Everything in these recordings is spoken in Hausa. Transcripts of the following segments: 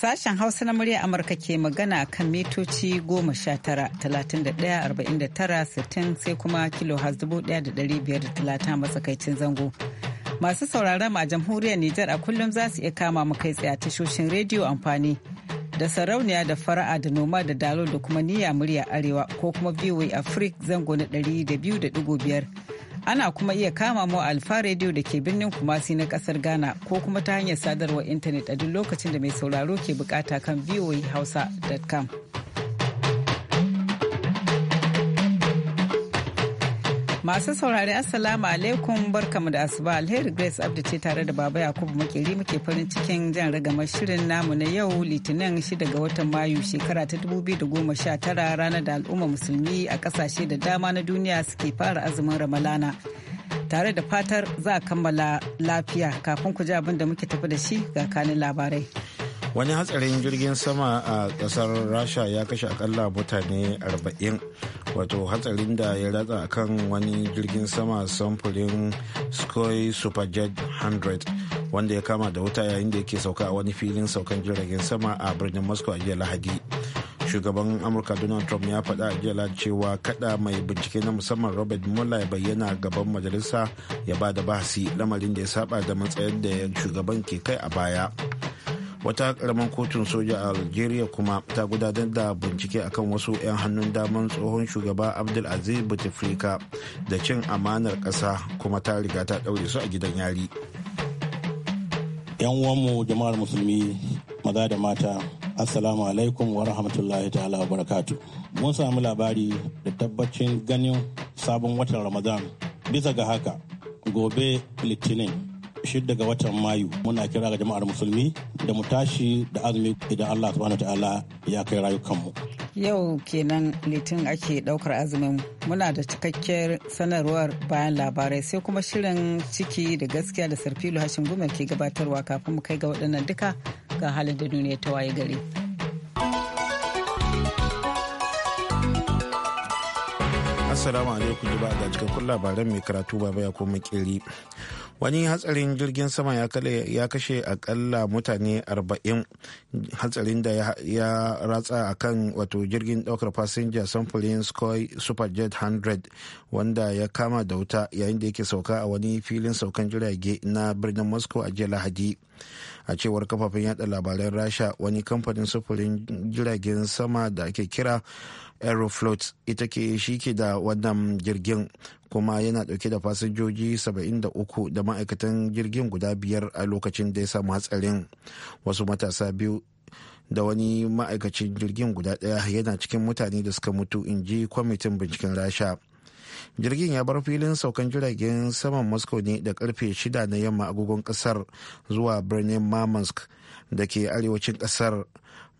Sashen Hausa na murya Amurka ke magana kan mitoci 19 31 49 sai kuma kilo talata matsakaicin zango. Masu sauraron a jamhuriyar Nijar a kullum za su iya kama mu kai tsaye tashoshin rediyo amfani da sarauniya da fara'a da noma da dalo da kuma niyya murya arewa ko kuma VOA Africa zango na biyar. Ana kuma iya kama mu Alfa Radio da ke birnin Kumasi na kasar Ghana ko kuma ta hanyar sadarwar intanet a duk lokacin da mai sauraro ke bukata kan voahausa.com. Masu saurari Assalamu alaikum barkamu da asuba alheri Grace Abdi ce tare da Baba Yakubu Makeri muke farin cikin jan ragamar shirin namu na yau Litinin shida ga watan Mayu shekara ta 2019 ranar da al'umma musulmi a kasashe da dama na duniya suke fara azumin Ramalana. Tare da fatar za a kammala lafiya kafin ku ji abin da muke tafi da shi ga kanin labarai. Wani hatsarin jirgin sama a kasar Rasha ya kashe akalla mutane 40 wato hatsarin da ya ratsa kan wani jirgin sama samfurin skoy superjet 100 wanda ya kama da wuta yayin da yake sauka a wani filin saukan jiragen sama a birnin moscow a jiya lahadi shugaban amurka donald trump ya faɗa a jiya cewa kada mai bincike na musamman robert mueller ya bayyana gaban majalisa ya ba da bahasi lamarin da ya saba da matsayin da shugaban ke kai a baya wata karamin kotun soja a algeria kuma ta gudanar da bincike akan wasu 'yan hannun daman tsohon shugaba abdulaziz bouteflika da cin amanar kasa kuma ta riga ta ɗaure su a gidan yari yan uwanmu jama'ar musulmi maza da mata assalamu alaikum wa rahmatullahi ta'ala wa barakatu mun samu labari da tabbacin ganin sabon watan ramadan bisa ga haka gobe litinin shidda ga watan mayu muna kira ga jama'ar musulmi da mu tashi da azumi idan allah subhanahu ta'ala ya kai rayukanmu yau kenan litin ake daukar azumin muna da cikakkiyar sanarwar bayan labarai sai kuma shirin ciki da gaskiya da sarfilu hashin gumel ke gabatarwa kafin mu kai ga waɗannan duka ga halin da duniya ta waye gari. Assalamu alaikum ba ga cikakkun labaran mai karatu baba baya ko wani hatsarin jirgin sama ya kashe akalla mutane 40 hatsarin da ya ratsa a kan wato jirgin daukar fasinja samfurin skoy superjet 100 wanda ya kama da wuta yayin da yake sauka a wani filin saukan jirage na birnin moscow a jiya lahadi a cewar kafafen yada labaran rasha wani kamfanin sufurin jiragen sama da ake kira aeroflot ita ke shi ke da wannan jirgin kuma yana dauke da fasinjoji 73 da ma'aikatan jirgin guda biyar a lokacin da ya samu hatsarin wasu matasa biyu da wani ma'aikacin jirgin guda daya yana cikin mutane da suka mutu in ji kwamitin binciken rasha jirgin ya bar filin saukan jiragen saman moscow ne da karfe 6 na yamma agogon kasar zuwa birnin mamansk da ke arewacin kasar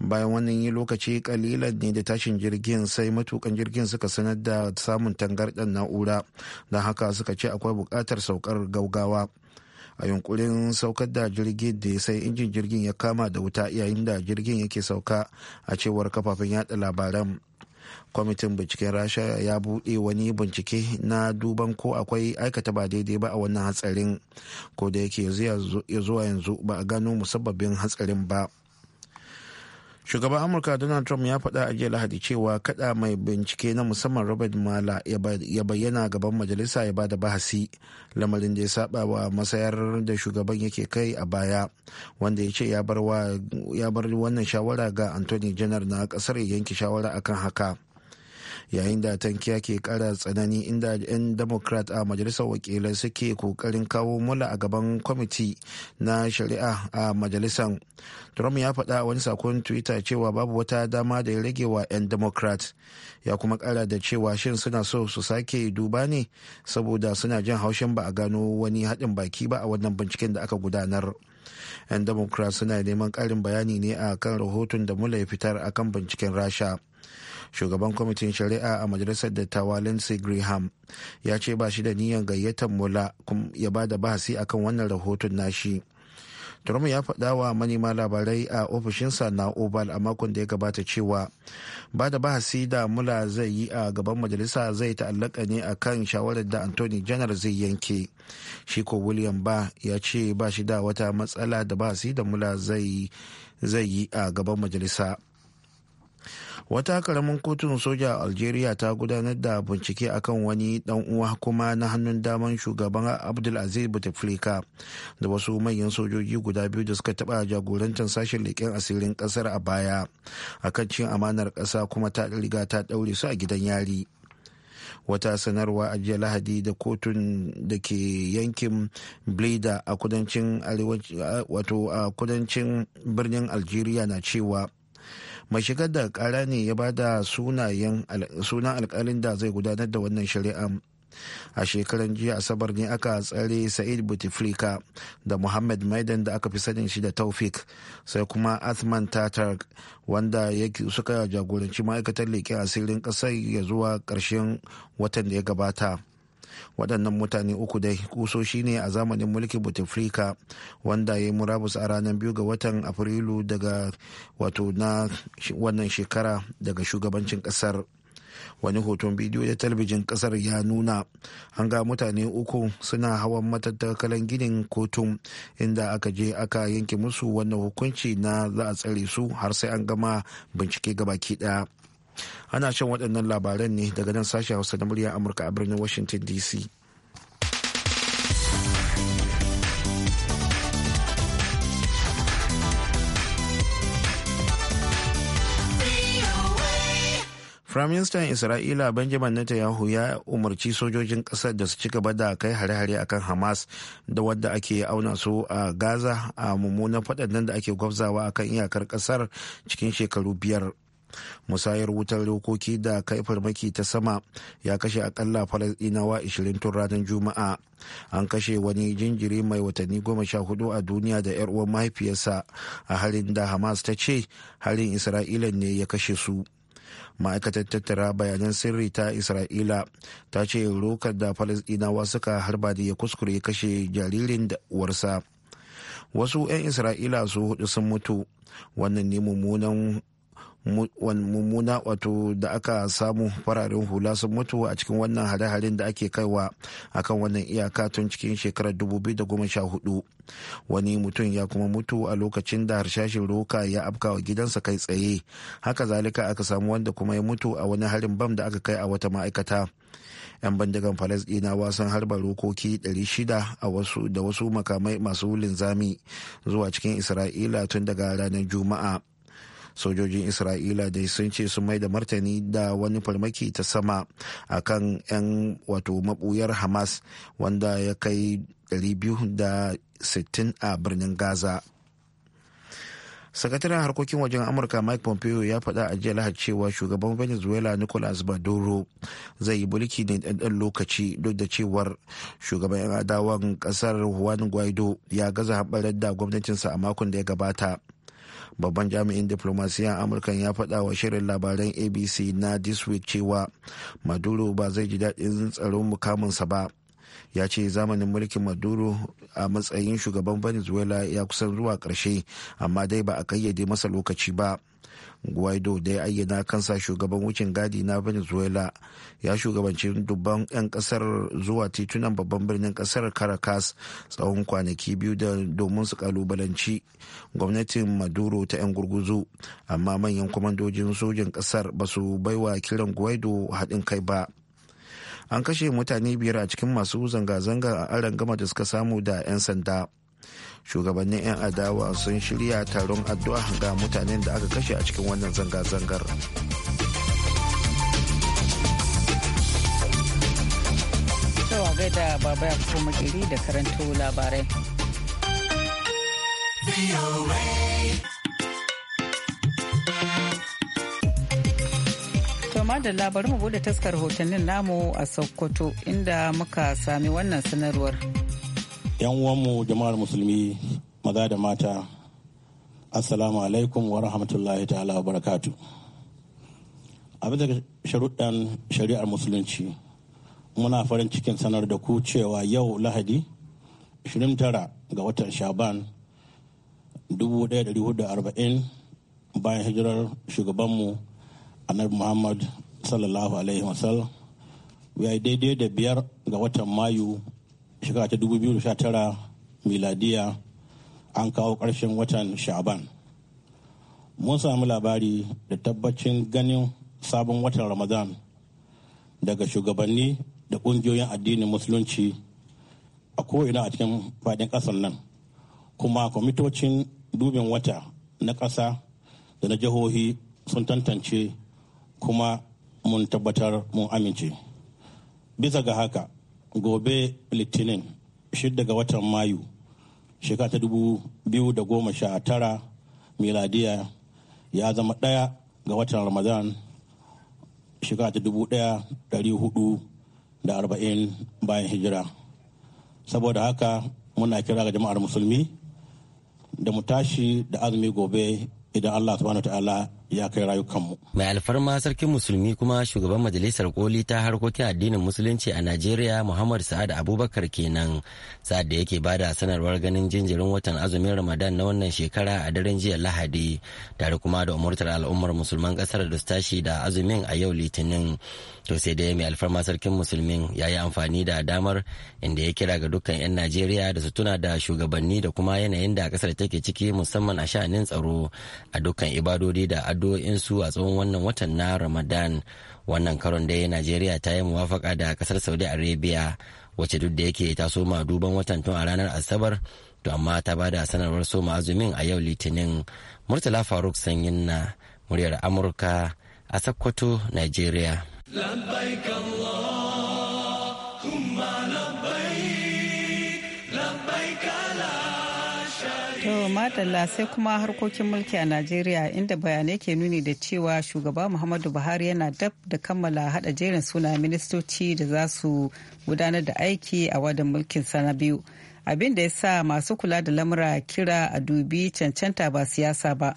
bayan wannan yi lokaci kalilan ne da tashin jirgin sai matukan jirgin suka sanar da samun tangarɗan na'ura don haka suka ce akwai bukatar saukar gaugawa a yunkurin saukar da jirgin da sai injin jirgin ya kama da wuta yayin da jirgin yake sauka a cewar kafafen yada labaran kwamitin binciken rasha ya buɗe wani bincike na duban ko akwai aikata ba daidai ba a wannan hatsarin ko da yake ya zuwa yanzu ba a gano musabbabin hatsarin ba shugaban amurka donald trump ya faɗa a jiya lahadi cewa kada mai bincike na musamman robert mala ya bayyana gaban majalisa ya bada bahasi lamarin da ya saba wa masayar da shugaban yake kai a baya wanda ya ce ya bar wannan shawara ga anthony janar na kasar ya yanke shawara akan haka yayin da tankiya ke kara tsanani inda 'yan democrat a majalisar wakilai suke kokarin kawo mula a gaban kwamiti na shari'a a majalisar trump ya faɗa wani sakon twitter cewa babu wata dama da ya rage wa 'yan democrat ya kuma kara da cewa shin suna so su sake duba ne saboda suna jin haushin ba a gano wani haɗin baki ba a wannan binciken da aka gudanar 'yan democrat suna neman karin bayani ne a kan rahoton da mula ya fitar akan binciken rasha shugaban kwamitin shari'a a majalisar da tawalin graham ya ce ba shi da niyan gayyatar mula ya ba da bahasi akan wannan rahoton nashi trump ya faɗa wa manema labarai a ofishinsa na oval a makon da ya gabata cewa ba da bahasi da mula zai yi a gaban majalisa zai ta'allaka ne a kan shawarar da anthony janar zai yanke shi ko william ba ya ce ba shi da wata matsala da bahasi da mula zai yi a gaban majalisa wata karamin kotun soja a algeria ta gudanar da bincike akan wani dan uwa kuma na hannun daman shugaban abdulaziz bouteflika da wasu manyan sojoji guda biyu da suka taba jagorantar sashen leƙen asirin ƙasar a baya akan cin amanar ƙasa kuma ta riga ta ɗaure su a gidan yari wata sanarwa a jiya lahadi da kotun da ke yankin bleda a kudancin birnin algeria na cewa mai shigar da kara ne ya bada sunan alkalin da zai gudanar da wannan shari'a a shekaran jiya asabar ne aka tsare sa'id butiflika da muhammad maidan da aka fi sanin shi da taufik sai kuma athman tatar wanda suka jagoranci ma'aikatar leƙen asirin ƙasar ya zuwa ƙarshen watan da ya gabata waɗannan mutane uku dai kusoshi ne a zamanin mulkin bouteflika wanda ya yi murabus a ranar biyu ga watan afrilu daga wato na wannan shekara daga shugabancin ƙasar wani hoton bidiyo da talbijin kasar ya nuna an ga mutane uku suna hawan matattakalan ginin kotun inda aka je aka yanke musu wannan hukunci na za a tsare su har sai an gama bincike gabaki daya ana shan waɗannan labaran ne daga nan sashen hausa na murya amurka a birnin washington dc Firaministan Isra'ila Benjamin Netanyahu ya umarci sojojin ƙasar da su ci gaba da kai hare-hare akan Hamas da wadda ake auna su a Gaza a mummunan faɗannan da ake gwabzawa akan iyakar ƙasar cikin shekaru biyar. musayar wutar dokoki da kai farmaki ta sama ya kashe akalla falasɗinawa 20 tun ranar juma'a an kashe wani jinjiri mai watanni goma sha hudu a duniya da 'yar uwan mahaifiyarsa a halin da hamas ta ce halin isra'ila ne ya kashe su ma'aikatar tattara bayanan sirri ta isra'ila ta ce rokar da falasɗinawa suka harba da ya kuskure kashe jaririn da uwarsa wasu 'yan isra'ila su hudu sun mutu wannan ne mummunan mummuna wato da aka samu fararen hula sun mutu a cikin wannan hare-haren da ake kaiwa akan wannan iyaka tun cikin shekarar 2014 wani mutum ya kuma mutu a lokacin da harshashin roka ya wa gidansa kai tsaye haka zalika aka samu wanda kuma ya mutu a wani harin bam da aka kai a wata ma'aikata 'yan bindigan falasdinawa sun harba rokoki 600 da wasu makamai masu linzami zuwa cikin isra'ila tun daga ranar juma'a sojojin isra'ila dai sun ce sun mai da martani da wani farmaki ta sama a kan 'yan wato mabuyar hamas wanda ya kai 260 a birnin gaza sakataren harkokin wajen amurka mike pompeo ya faɗa a jiya lahar cewa shugaban venezuela nicolas maduro zai yi mulki ne ɗanɗan lokaci duk da cewar shugaban 'yan adawan ƙasar juan guaido ya gaza haɓarar da gwamnatinsa a makon da ya gabata babban jami'in diplomasiyya amurkan ya faɗa wa shirin labaran abc na this cewa maduro ba zai ji daɗin tsaron mukaminsa ba ya ce zamanin mulkin maduro a matsayin shugaban venezuela ya kusan zuwa ƙarshe amma dai ba a kayyade masa lokaci ba guaido da ya ayyana kansa shugaban wucin gadi na venezuela ya shugabanci dubban 'yan kasar zuwa titunan babban birnin kasar caracas tsawon kwanaki biyu da domin su kalubalanci gwamnatin maduro ta 'yan gurguzu amma manyan kwamandojin sojin kasar ba su baiwa kiran guaido haɗin kai ba an kashe mutane biyar a cikin masu zanga-zanga a gama da suka samu da 'yan sanda shugabannin 'yan adawa sun shirya taron addu'a ga mutanen da aka kashe a cikin wannan zanga-zangar cewa gaida baba ya da karanto labarai da labar mu bude taskar hotunan namu a Sokoto inda muka sami wannan sanarwar. Yan uwanmu jama'ar musulmi maza da mata Assalamu alaikum wa rahmatullahi ta'ala wa barakatu. A bisa sharuɗan shari'ar musulunci muna farin cikin sanar da ku cewa yau lahadi 29 ga watan shaban 1440 bayan hijirar shugabanmu annabi muhammad sallallahu alaihi wasallam ya yi daidai da biyar ga watan mayu shekara ta 2019 miladiya an kawo ƙarshen watan sha'ban mun samu labari da tabbacin ganin sabon watan ramadan daga shugabanni da ƙungiyoyin addinin musulunci a ko'ina a cikin faɗin ƙasar nan kuma kwamitocin dubin wata na ƙasa da na jihohi sun tantance kuma mun tabbatar mun amince bisa ga haka gobe litinin shidda ga watan mayu shekara ta tara miladiya ya zama ɗaya ga watan ramadan shekara ta arba'in bayan hijira saboda haka muna kira ga jama'ar musulmi da mu tashi da azumi gobe idan allah subhanahu wa ta'ala ya kai rayukanmu. Mai alfarma sarkin musulmi kuma shugaban majalisar koli ta harkokin addinin musulunci a Najeriya Muhammad Sa'ad Abubakar kenan sa'ad da yake bada sanarwar ganin jinjirin watan azumin Ramadan na wannan shekara a daren jiya Lahadi tare kuma da umurtar al'ummar musulman kasar da tashi da azumin a yau Litinin. To sai dai mai alfarma sarkin musulmin ya yi amfani da damar inda ya kira ga dukkan 'yan Najeriya da su tuna da shugabanni da kuma yanayin da kasar take ciki musamman a sha'anin tsaro a dukkan ibadodi da addu'o'insu a tsawon wannan watan na ramadan wannan karon dai najeriya ta yi muwafaka da kasar saudi arabia wacce duk da yake ta soma duban watan tun a ranar asabar to amma ta ba da sanarwar soma azumin a yau litinin murtala faruk sanyin na muryar amurka a sakkwato najeriya To madalla sai kuma harkokin mulki a Najeriya inda bayanai ke nuni da cewa shugaba Muhammadu Buhari yana dab da kammala hada jerin suna ministoci da za su gudanar da aiki a wadan mulkin sana biyu. Abin da ya sa masu kula da lamura kira a dubi cancanta ba siyasa ba.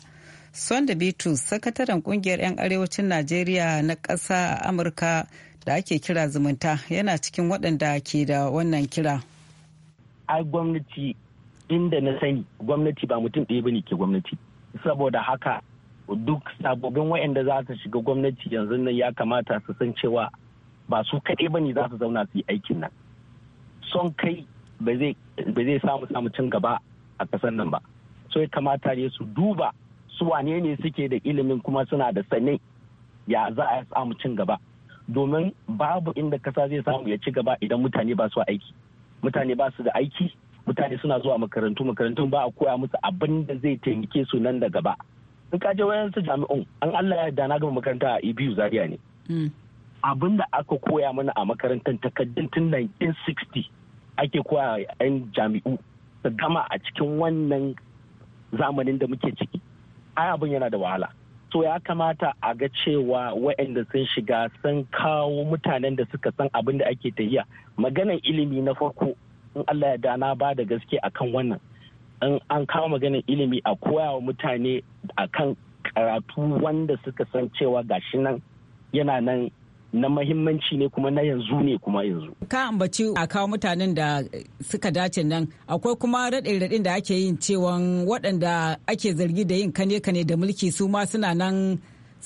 Sonda Bitu, sakataren kungiyar 'yan arewacin Najeriya na ƙasa a Amurka da ake kira zumunta yana cikin waɗanda ke da wannan kira. Ai gwamnati inda na sani gwamnati ba mutum ɗaya bane ke gwamnati saboda haka duk sababbin waɗanda za su shiga gwamnati yanzu nan ya kamata su san cewa ba su kaɗai bane za su zauna su yi aikin nan son kai ba zai samu samu cin gaba a ƙasar nan ba so ya kamata ne su duba su wane ne suke da ilimin kuma suna da sane ya za a samu cin gaba domin babu inda ƙasa zai samu ya ci gaba idan mutane ba su aiki mutane ba su da aiki mutane suna zuwa makarantu makarantun ba a koya musu abin da zai taimake su nan da gaba in ka je wayansu jami'un an Allah ya da na gama makaranta a ibiyu e zaria ne mm. abin da aka koya mana a makarantar takardun tun 1960 ake koya yan jami'u su gama a cikin wannan zamanin da muke ciki ai abin yana da wahala so ya kamata a ga cewa waɗanda sun shiga sun kawo mutanen da suka san abin da ake tahiya maganan ilimi na farko in Allah ya dana ba da gaske akan wannan in an kawo maganin ilimi a koya wa mutane akan karatu wanda suka san cewa gashi nan yana nan na mahimmanci ne kuma na yanzu ne kuma yanzu. Ka ambaci a kawo mutanen da suka dace nan akwai kuma raɗe-raɗin da ake yin cewa waɗanda ake zargi da yin kane-kane da mulki su ma suna nan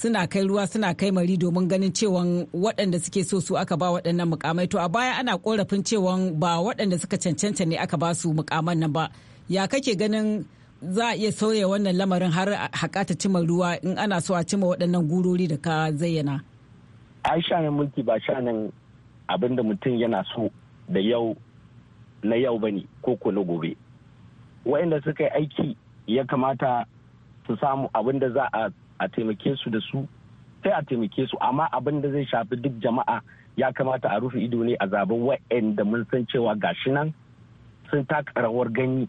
suna kai ruwa suna kai mari domin ganin cewa waɗanda suke so su aka ba waɗannan mukamai to a baya ana korafin cewa ba waɗanda suka cancanta ne aka ba su mukaman nan ba ya kake ganin za a iya sauya wannan lamarin har haƙa ta cima ruwa in ana so a cima waɗannan gurori da ka zayyana ai shanin mulki ba shanin abin da mutum yana so da yau na yau bane ko ko na gobe waɗanda suka yi aiki ya kamata su samu abin da za a a taimake su da su sai a taimake su amma abin da zai shafi duk jama'a ya kamata a rufe ido ne a zaben wa'anda mun san cewa gashi nan sun taka rawar gani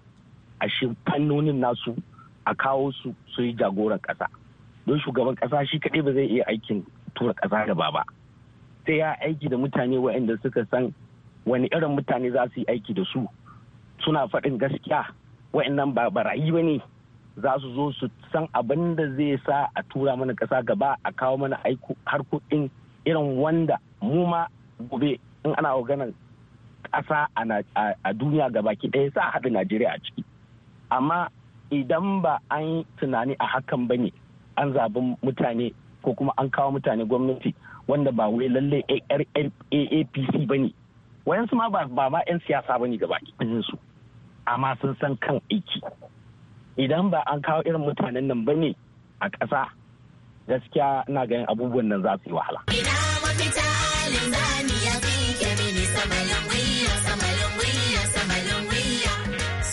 a shi fannonin nasu a kawo su su yi jagoran ƙasa don shugaban ƙasa shi kaɗai ba zai iya aikin tura kasa da ba sai ya aiki da mutane wa'anda suka san wani irin mutane za su yi aiki da su suna faɗin gaskiya wa'annan ba barayi ba ne za su zo su san abin da zai sa a tura mana kasa gaba a kawo mana harkokin irin wanda mu ma gobe in ana maganar kasa a duniya gabaki ɗaya sa haɗa najeriya a ciki amma idan ba an yi tunani a hakan ba ne an zaɓi mutane ko kuma an kawo mutane gwamnati wanda ba wai lallai aapc ba ne wayansu ma ba ma 'yan siyasa ba ne gabaki ɗayansu amma sun san kan aiki idan ba an kawo irin mutanen nan ba ne a ƙasa gaskiya na ganin abubuwan nan za su yi wahala.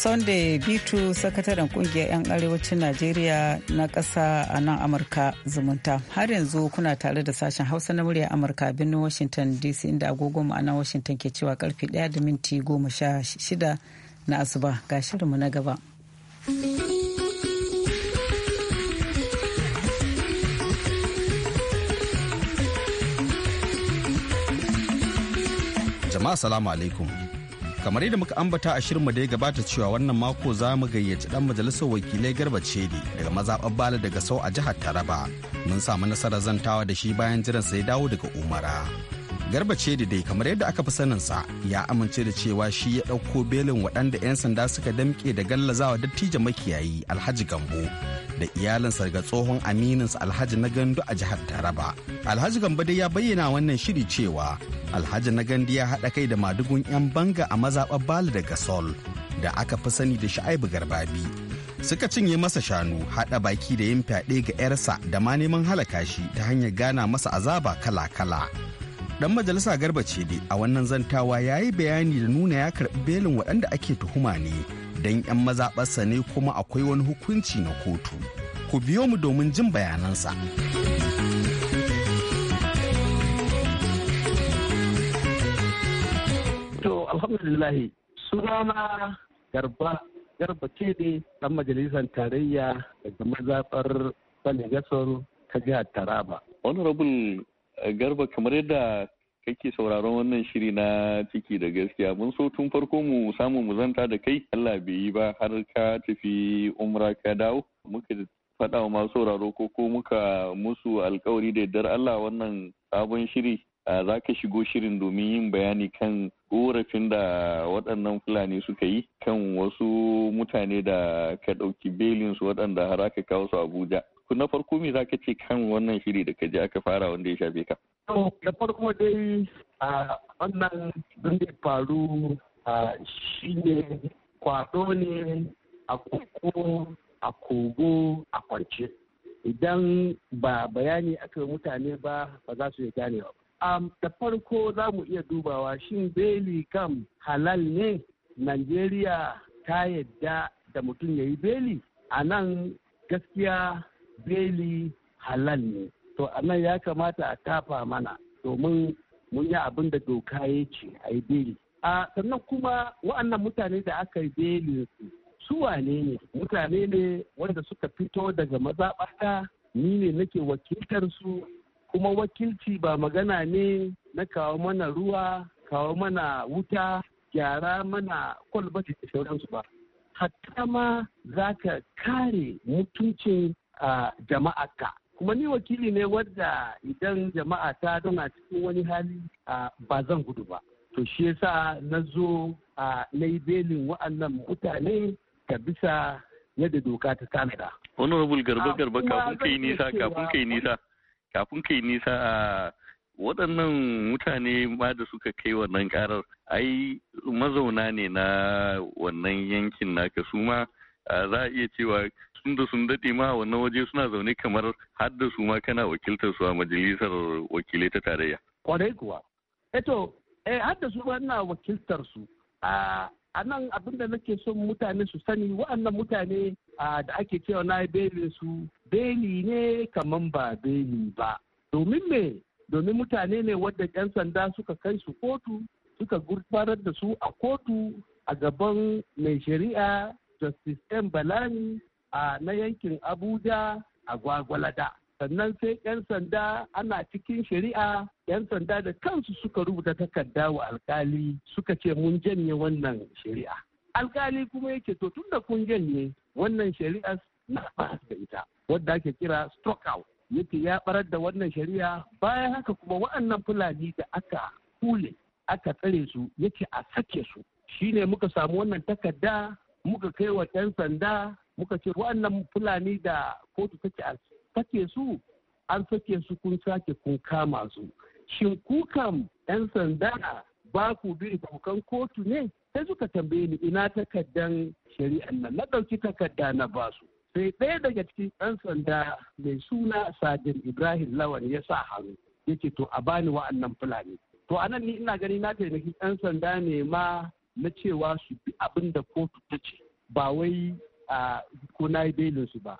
Sunday Bitu sakataren kungiyar 'yan arewacin Najeriya na ƙasa a nan Amurka zumunta. Har yanzu kuna tare da sashen Hausa na murya Amurka birnin Washington DC inda agogo ma'ana Washington ke cewa karfe 1 da minti 16 na asuba ga shirinmu na gaba. jama'a salamu alaikum kamar yadda muka ambata a shirin da ya gabata cewa wannan mako za mu gayyaci dan majalisar wakilai garba cedi daga mazaɓar bala daga sau a jihar taraba mun samu nasarar zantawa da shi bayan jiran sai dawo daga umara garba ce da dai kamar yadda aka fi saninsa ya amince da cewa shi ya ɗauko belin waɗanda 'yan sanda suka damƙe da gallazawa dattijan makiyayi alhaji gambo da iyalinsa ga tsohon amininsa alhaji na gandu a jihar taraba alhaji gambo dai ya bayyana wannan shiri cewa alhaji na gandu ya haɗa kai da madugun 'yan banga a mazaɓar bali daga sol da aka fi sani da sha'ibu garbabi suka cinye masa shanu haɗa baki da yin fyaɗe ga 'yarsa da ma neman halaka shi ta hanyar gana masa azaba kala-kala dan majalisa garba ce dai a wannan zantawa ya yi bayani da nuna ya karɓi belin waɗanda ake tuhuma ne don 'yan mazaɓarsa ne kuma akwai wani hukunci na kotu ku biyo mu domin jin bayanansa to alhamdulillahi sunana garba garba ce ne dan majalisar tarayya daga mazaɓar bane ta jihar taraba honorable garba kamar yadda kake sauraron wannan shiri na ciki da gaskiya mun so tun farko mu samu mu zanta da kai Allah bai yi ba har ka tafi umra ka dawo muka faɗa wa masu sauraro ko ko muka musu alkawari da yardar Allah wannan sabon shiri za ka shigo shirin domin yin bayani kan korafin da waɗannan fulani suka yi kan wasu mutane da ka ɗauki belinsu waɗanda har aka kawo su Abuja. na farko me zaka ce kan wannan shiri da ka je aka fara wanda ya shafe ka to da farko dai a wannan don da faru shine kwado ne a koko a kogo a kwance idan ba bayani aka yi mutane ba ba za su yi gane ba. da farko za mu iya dubawa shin beli kam halal ne Najeriya ta yadda da mutum ya yi beli a nan gaskiya beli halal ne to anan ya kamata a tafa mana domin mun yi abin da doka ya ce a yi beli a sannan kuma wa'annan mutane da aka yi beli su wane ne mutane ne wanda suka fito daga mazaɓata ni ne nake wakiltar su kuma wakilci ba magana ne na kawo mana ruwa kawo mana wuta gyara mana kwalbati da sauransu ba hatta ma za ka kare mutuncin jama'a ka kuma ni wakili ne wanda idan jama'a ta tana cikin wani hali ba zan gudu ba to shi yasa na zo na yi belin wa'annan mutane Ka bisa yadda doka ta tanada. honorable garba ah, garba kafin kai nisa kafin kai nisa kafin kai nisa a waɗannan mutane ma da suka kai wannan karar ai mazauna ne na wannan yankin naka su ma za a iya cewa tun da sun daɗe ma wannan waje suna zaune kamar hadda su ma kana wakiltar su a majalisar wakilai ta tarayya. Kwarai kuwa. Eto, eh, eh har su ma ina wakiltar su. A nan abin da nake son mutane su sani wa'annan mutane da ake cewa na beli su beli ne kamar ba beli ba. Domin me? Domin mutane ne wadda 'yan sanda suka kai su kotu suka gurfarar da su a kotu a gaban mai shari'a Justice M. Balani a na yankin abuja a gwagwalada sannan sai 'yan sanda ana cikin shari'a 'yan sanda da kansu suka rubuta takarda wa alkali suka ce mun janye wannan shari'a alkali kuma yake to tun da kun janye wannan shari'a na da ita wadda ake kira stroke out yake ya barar da wannan shari'a bayan haka kuma wa'annan fulani da aka kule aka tsare su yake a sake su shine muka samu wannan takarda muka kai wa 'yan sanda muka ce wa'annan fulani da kotu take a take su an sake su kun sake kun kama su shin ku yan sanda ba ku bi kukan kotu ne sai suka tambaye ni ina takardan shari'an nan na ɗauki takarda na ba su sai ɗaya daga cikin ɗan sanda mai suna sadin ibrahim lawan ya sa hannu ya ce to a bani wa'annan fulani to anan ni ina gani na taimaki yan sanda ne ma na cewa su bi abinda kotu ta ce ba wai a kuna yi belin su ba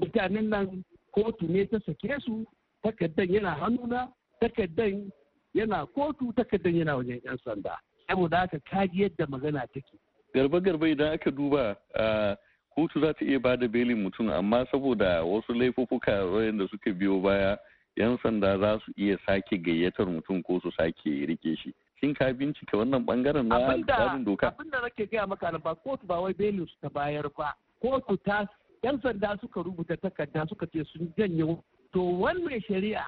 mutanen nan kotu ne ta sake su takaddan yana hannuna takardan yana kotu takardan yana wajen yan sanda saboda haka kaji yadda magana take garba garba idan aka duba kotu za ta iya ba da belin mutum amma saboda wasu laifuffuka wayanda suka biyo baya yan sanda za su iya sake gayyatar mutum ko su sake rike shi Kin ka bincika wannan bangaren na tsarin doka abinda nake gaya maka ba kotu ba wai belin su ta bayar ba kotu ta yan sanda suka rubuta takarda suka ce sun janye to wannan shari'a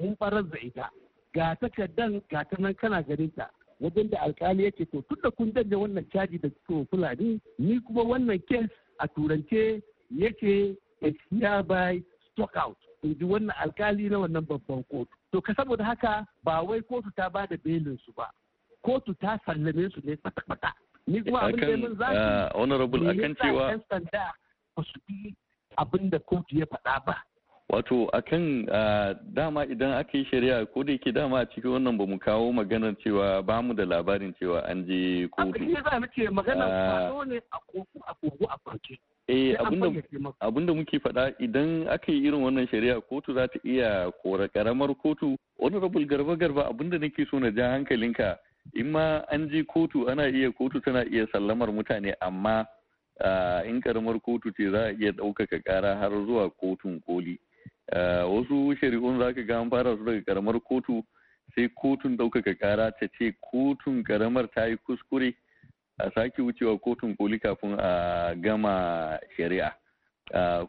mun farar da ita ga takardan ga ta nan kana ganin ta wajen da alkali yake to tunda kun janye wannan caji da to fulani ni kuma wannan kes a turance yake it's hereby stock out in wannan alkali na wannan babban kotu to ka saboda haka ba wai kotu ta ba da belin su ba kotu ta sallame su ne kwata-kwata ni kuma abin da mun zafi uh, honorable akan cewa sanda ba su bi abin da kotu ya faɗa ba wato akan uh, dama idan aka yi shari'a ko da yake dama a cikin wannan ba mu kawo maganar cewa ba mu da labarin cewa an je kotu. Haka ne za mu ce maganar kwano uh, ne a kogo a a farke. Eh abinda muke faɗa idan aka yi irin wannan shari'a kotu za ta iya kora karamar kotu wani rabul garba garba abinda nake so na ja hankalinka in ma an je kotu ana iya kotu tana iya sallamar mutane amma in karamar kotu ce za a iya ɗaukaka ƙara har zuwa kotun koli wasu shari'un za ka ga an fara su daga karamar kotu sai kotun ɗaukaka ƙara ta ce kotun karamar ta yi kuskure a sake wucewa kotun koli kafin a gama shari'a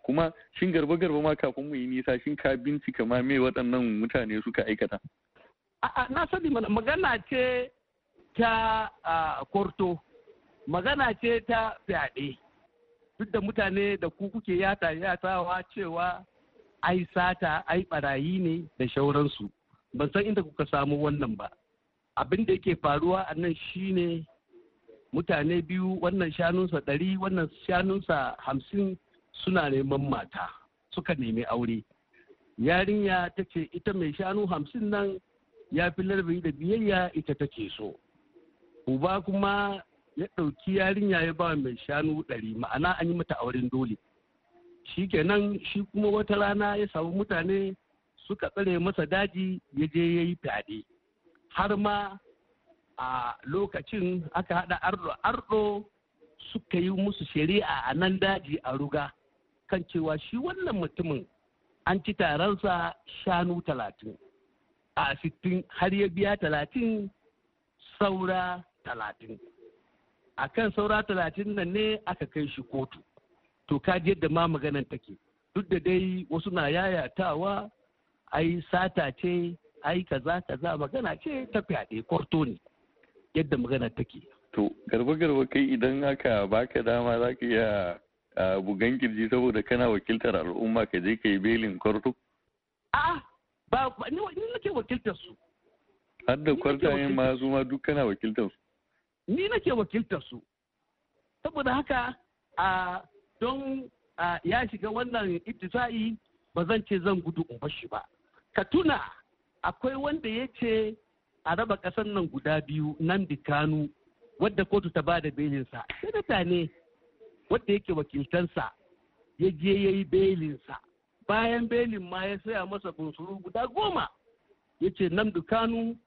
kuma shin garba-garba ma kafin mu yi nisa shin ka bincika ma me waɗannan mutane suka aikata na sani magana ce ta korto magana ce ta fyaɗe duk da mutane da ku kuke yata yatawa cewa ai sata ai barayi ne da shauransu ban san inda kuka samu wannan ba abin da yake faruwa a nan shine mutane biyu wannan shanunsa ɗari wannan shanunsa hamsin suna neman mata suka nemi aure yarinya ta ce ita mai shanu hamsin nan ya fi larbi da biyayya ita take so uba kuma ya ɗauki yarinya ya ba mai shanu ɗari ma'ana an yi mata auren dole shi kenan shi kuma wata rana ya samu mutane suka tsare masa daji ya je ya yi fyaɗe har ma a lokacin aka haɗa ardo-ardo suka yi musu shari'a a nan daji a ruga kan cewa shi wannan mutumin an ci taransa shanu talatin a sittin har ya biya talatin saura talatin a kan saura talatin nan ne aka kai shi kotu to ka ji yadda ma maganan take duk da dai wasu na yayatawa ai sata ce ai kaza kaza magana ce ta fyaɗe kwarto ne yadda magana take to garba garba kai idan aka baka dama za ka iya bugan kirji saboda kana wakiltar al'umma ka je ka yi belin kwarto a'a ba ni nake wakiltar su har da kwartayen ma su ma duk kana wakiltar su ni nake wakiltar su saboda haka a don ya shiga wannan ibtisa'i ba zan ce zan gudu in bashi ba ka tuna akwai wanda ya ce a raba ƙasar nan guda biyu nan Kanu, wadda kotu ta ba da belinsa sanata ne wadda yake wakiltansa ya je ya yi belinsa bayan belin ma ya saya masa bunsuru guda goma ya ce nan Kanu,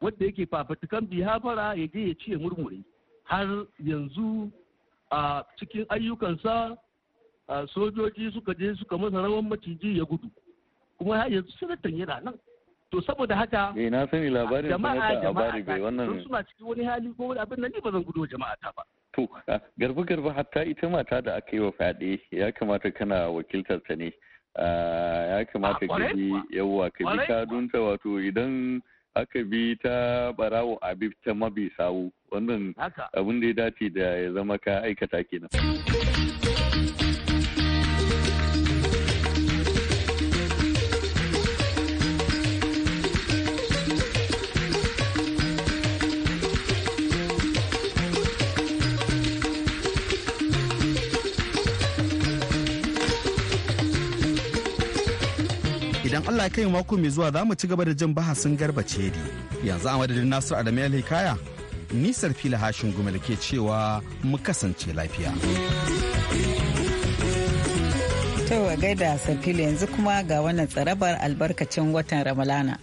wadda yake fafatukan bihafara ya je ya ce murmuri. har yanzu a cikin ayyukansa sojoji suka je suka masa rawan maciji ya gudu kuma yanzu sanatan yana nan to saboda haka eh na sani labarin jama'a jama'a bai wannan cikin wani hali ko wani abin nan ba zan gudu jama'a ta ba to garba garba hatta ita mata da aka yi wa fyaɗe ya kamata kana wakiltar ta ne ya kamata ka yawwa ka bi wato idan aka bi ta barawo abib ta mabi sawu wannan abin da ya dace da ya zama ka aikata kenan idan Allah ya kai mako mai zuwa za mu ci gaba da jin bahasin garba cedi yanzu a madadin Nasiru Adamu ya Hikaya ni fila hashin gumel ke cewa mu kasance lafiya. Tawa gaida sarfila yanzu kuma ga wannan tsarabar albarkacin watan Ramalana.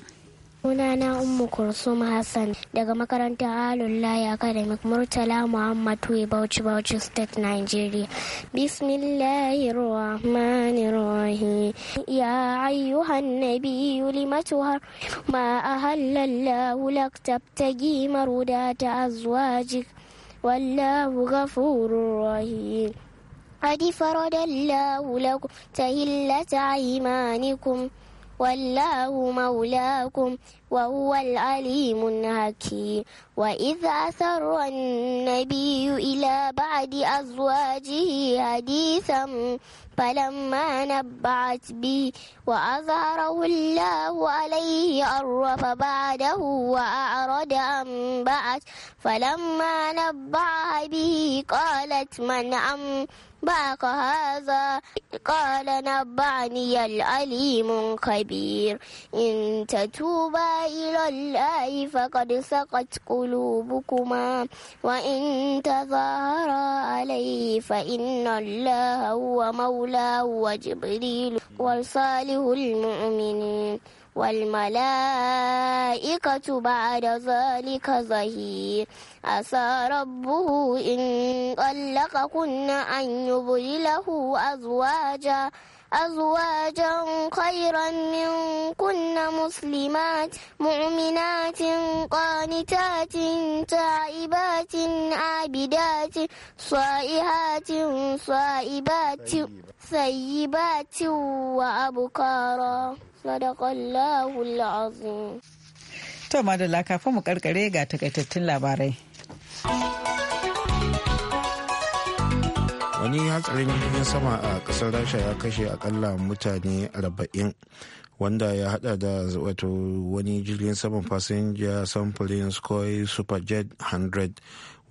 Sunana Ummu Kursum Hassan daga makarantar Alullahi Academic Murtala Muhammad Tuwe Bauchi Bauchi State Nigeria. Bismillahirrahmanirrahim. Ya ayyuhan nabiyyu lima tuhar ma a ahallallahu lak tabtagi marudata azwajik wallahu ghafurur rahim. قد فرض الله لكم تهلة أيمانكم والله مولاكم وهو العليم الحكيم وإذ أسر النبي إلى بعد أزواجه حديثا فلما نبعت به وأظهره الله عليه أرف بعده وأعرض عن بعد فلما نبع به قالت من أم بارك هذا قال نبعني العليم الخبير إن تتوبا إلى الله فقد سقت قلوبكما وإن تظاهرا عليه فإن الله هو مولاه وجبريل وصالح المؤمنين والملائكة بعد ذلك ظهير عسى ربه إن طلقكن أن يبدله أزواجا أزواجا خيرا منكن مسلمات مؤمنات قانتات تائبات عابدات صائحات صائبات ثيبات وأبكارا صدق الله العظيم. تو madalla kafin mu karkare تكتتن takaitattun wani hatsarin jirgin sama a kasar rasha ya kashe akalla mutane 40 wanda ya hada da wato wani jirgin saman fasinja samfurin skoy superjet 100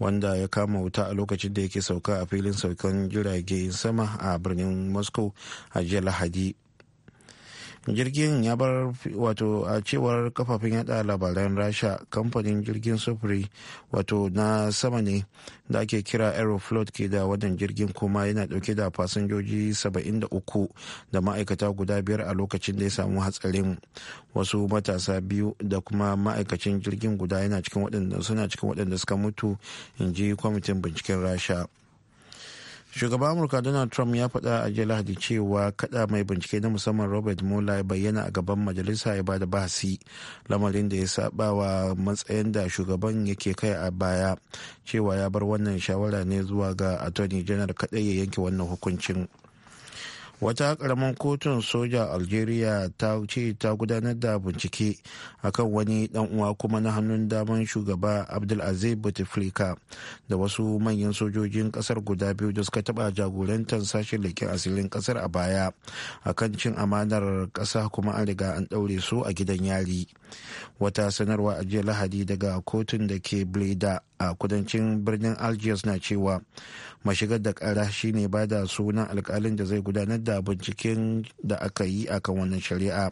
wanda ya kama wuta a lokacin da yake sauka a filin saukan jiragen sama a birnin moscow a jiya lahadi jirgin ya bar wato a cewar kafafen yada labaran rasha kamfanin jirgin sufuri wato na sama ne da ake kira aeroflot ke da wannan jirgin kuma yana dauke da fasinjoji 73 da ma'aikata guda biyar a lokacin da ya samu hatsarin wasu matasa biyu da kuma ma'aikacin jirgin guda yana cikin waɗanda suna cikin waɗanda suka mutu in ji kwamitin binciken rasha shugaban amurka donald trump ya faɗa a jiya lahadi cewa kada mai bincike na musamman robert mueller ya bayyana a gaban majalisa ya bada bahasi lamarin da ya saba wa matsayin da shugaban yake kai a baya cewa ya bar wannan shawara ne zuwa ga attorney general kadai ya yanke wannan hukuncin wata karamin kotun soja algeria ta ce ta gudanar da bincike akan wani dan uwa kuma na hannun daman shugaba abdulaziz bouteflika da wasu manyan sojojin kasar guda biyu da suka taba jagorantar sashen leƙen asirin kasar a baya akan cin amanar ƙasa kuma an riga an ɗaure su a gidan yari wata sanarwa a jiya lahadi daga kotun da ke bleda a kudancin birnin algiers na cewa mashigar da kara shine ba da sunan alkalin da zai gudanar da binciken da aka yi a kan wannan shari'a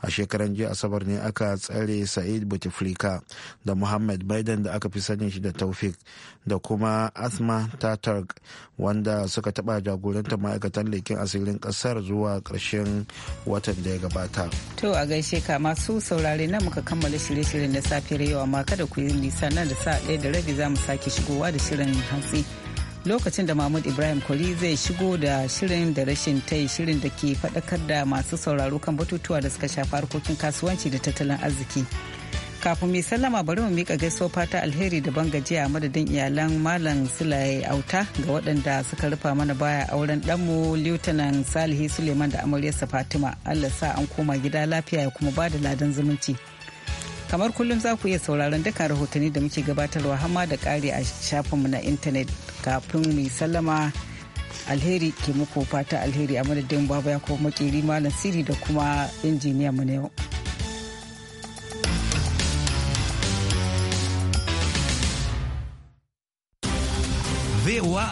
a shekaran jiya asabar ne aka tsare sa'id bouteflika da muhammad biden da aka fi sanin shi da taufik da kuma asma tatarg wanda suka taba jagorantar ma'aikatan leƙen asirin ƙasar zuwa ƙarshen watan da ya gabata. To a gaishe ka masu saurare na muka kammala shirye-shiryen na safiyar yau amma kada ku yi nisa nan da sa ɗaya da rabi za mu sake shigowa da shirin hantsi. lokacin da mahmud ibrahim kwari zai shigo da shirin da rashin tai shirin da ke faɗakar da masu sauraro kan batutuwa da suka shafi harkokin kasuwanci da tattalin arziki kafin mai sallama bari mu mika gaisuwa fata alheri da ban gajiya a madadin iyalan malam sulaye auta ga waɗanda suka rufa mana baya auren ɗanmu lieutenant salihi suleiman da amaryarsa fatima allah sa an koma gida lafiya ya kuma ba da ladan zumunci kamar kullum za ku iya sauraron dukkan rahotanni da muke gabatarwa hamma da ƙari a shafinmu na intanet kafin mai sallama alheri ke muku fata alheri a madadin babu ya kuma makeri malam siri da kuma injiniya mu na yau. What?